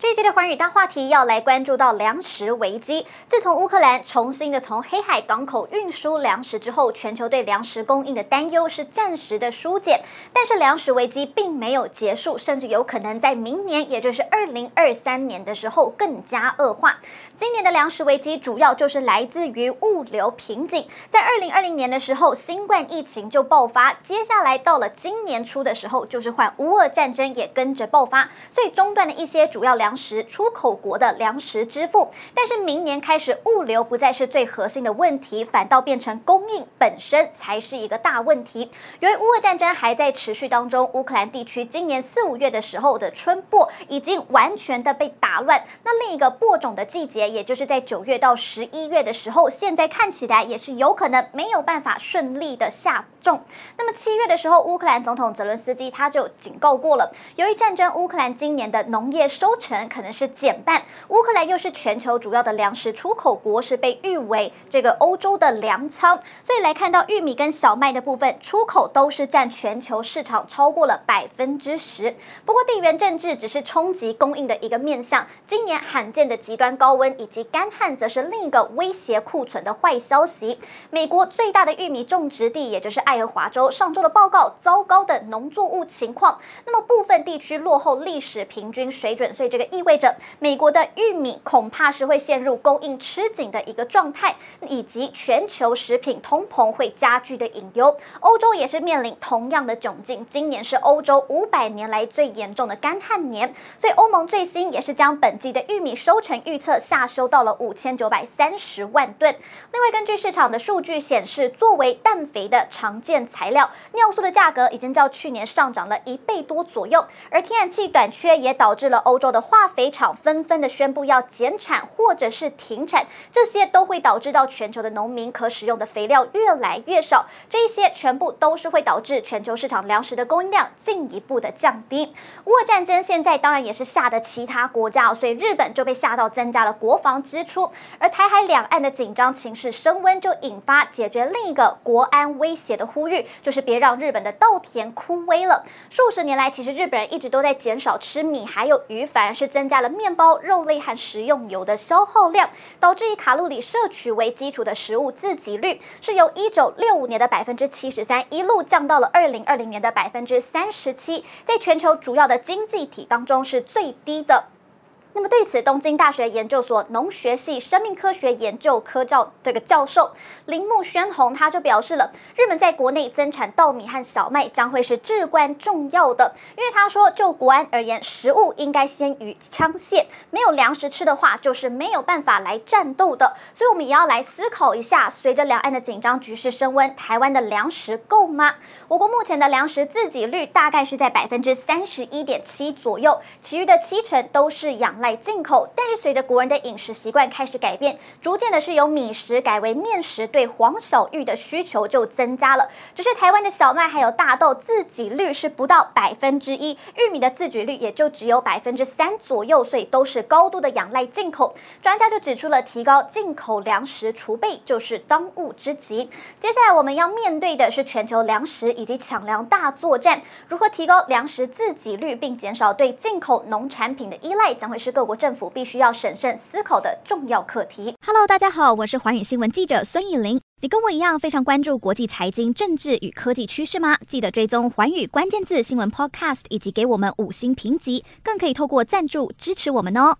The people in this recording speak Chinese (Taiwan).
這一期的寰宇大話題要來關注到糧食危機。自從烏克蘭重新的從黑海港口運輸糧食之後，全球對糧食供應的擔憂是暫時的疏解，但是糧食危機並沒有結束，甚至有可能在明年，也就是二零二三年的時候更加惡化。今年的糧食危機主要就是來自於物流瓶頸。在二零二零年的時候，新冠疫情就爆發，接下來到了今年初的時候，就是換烏俄戰爭也跟着爆發，所以中斷的一些主要糧。糧食出口國的糧食支付，但是明年開始，物流不再是最核心的問題，反倒變成供應本身才是一個大問題。由於烏俄戰爭還在持續當中，烏克蘭地區今年四五月的時候的春播已經完全的被打亂，那另一個播種的季節，也就是在九月到十一月的時候，現在看起來也是有可能沒有辦法順利的下重那麼七月的時候，烏克蘭總統澤倫斯基他就警告過了，由於戰爭，烏克蘭今年的農業收成可能是減半。烏克蘭又是全球主要的糧食出口國，是被譽為這個歐洲的糧倉。所以來看到玉米跟小麥的部分出口都是佔全球市場超過了百分之十。不過地緣政治只是衝擊供應的一個面向，今年罕見的極端高溫以及乾旱，則是另一個威脅庫存的壞消息。美國最大的玉米種植地，也就是愛荷華州上周的報告，糟糕的農作物情況，那麼部分地區落後歷史平均水準，所以這個意味着美國的玉米恐怕是會陷入供應吃緊的一個狀態，以及全球食品通膨會加劇的隱憂。歐洲也是面臨同樣的窘境，今年是歐洲五百年來最嚴重的乾旱年，所以歐盟最新也是將本季的玉米收成預測下修到了五千九百三十萬噸。另外，根據市場的數據顯示，作為氮肥的長建材料，尿素的價格已經較去年上漲了一倍多左右，而天然氣短缺也導致了歐洲的化肥廠紛紛，紛的宣布要減產或者是停產，這些都會導致到全球的農民可使用的肥料越來越少，這些全部都是會導致全球市場糧食的供應量進一步的降低。俄烏戰爭現在當然也是嚇得其他國家啊、哦，所以日本就被嚇到增加了國防支出，而台海兩岸的緊張情勢升溫就引發解決另一個國安威脅的。呼籲就是別讓日本的稻田枯萎了。數十年來，其實日本人一直都在減少吃米，還有魚，反而是增加了麵包、肉類和食用油的消耗量，導致以卡路里攝取為基礎的食物自給率是由一九六五年的百分之七十三一路降到了二零二零年的百分之三十七，在全球主要的經濟體當中是最低的。那麼對此，東京大學研究所農學系生命科學研究科教這個教授鈴木宣弘他就表示了，日本在國內增產稻米和小麥將會是至關重要的，因為他說就國安而言，食物應該先於槍械，沒有糧食吃的話，就是沒有辦法來戰鬥的。所以，我們也要來思考一下，隨着兩岸的緊張局勢升溫，台灣的糧食夠嗎？我國目前的糧食自給率大概是在百分之三十一點七左右，其餘的七成都是養。來進口，但是隨着國人的飲食習慣開始改變，逐漸的是由米食改為麵食，對黃小玉的需求就增加了。只是台灣的小麥還有大豆自給率是不到百分之一，玉米的自給率也就只有百分之三左右，所以都是高度的仰賴進口。專家就指出了，提高進口糧食儲備就是當務之急。接下來我們要面對的是全球糧食以及搶糧大作戰，如何提高糧食自給率並減少對進口農產品的依賴，將會是。各國政府必須要審慎思考的重要課題。Hello，大家好，我是寰宇新聞記者孫藝林。你跟我一樣非常關注國際財經、政治與科技趨勢嗎？記得追蹤寰宇關鍵字新聞 Podcast，以及給我們五星評級，更可以透過贊助支持我們哦。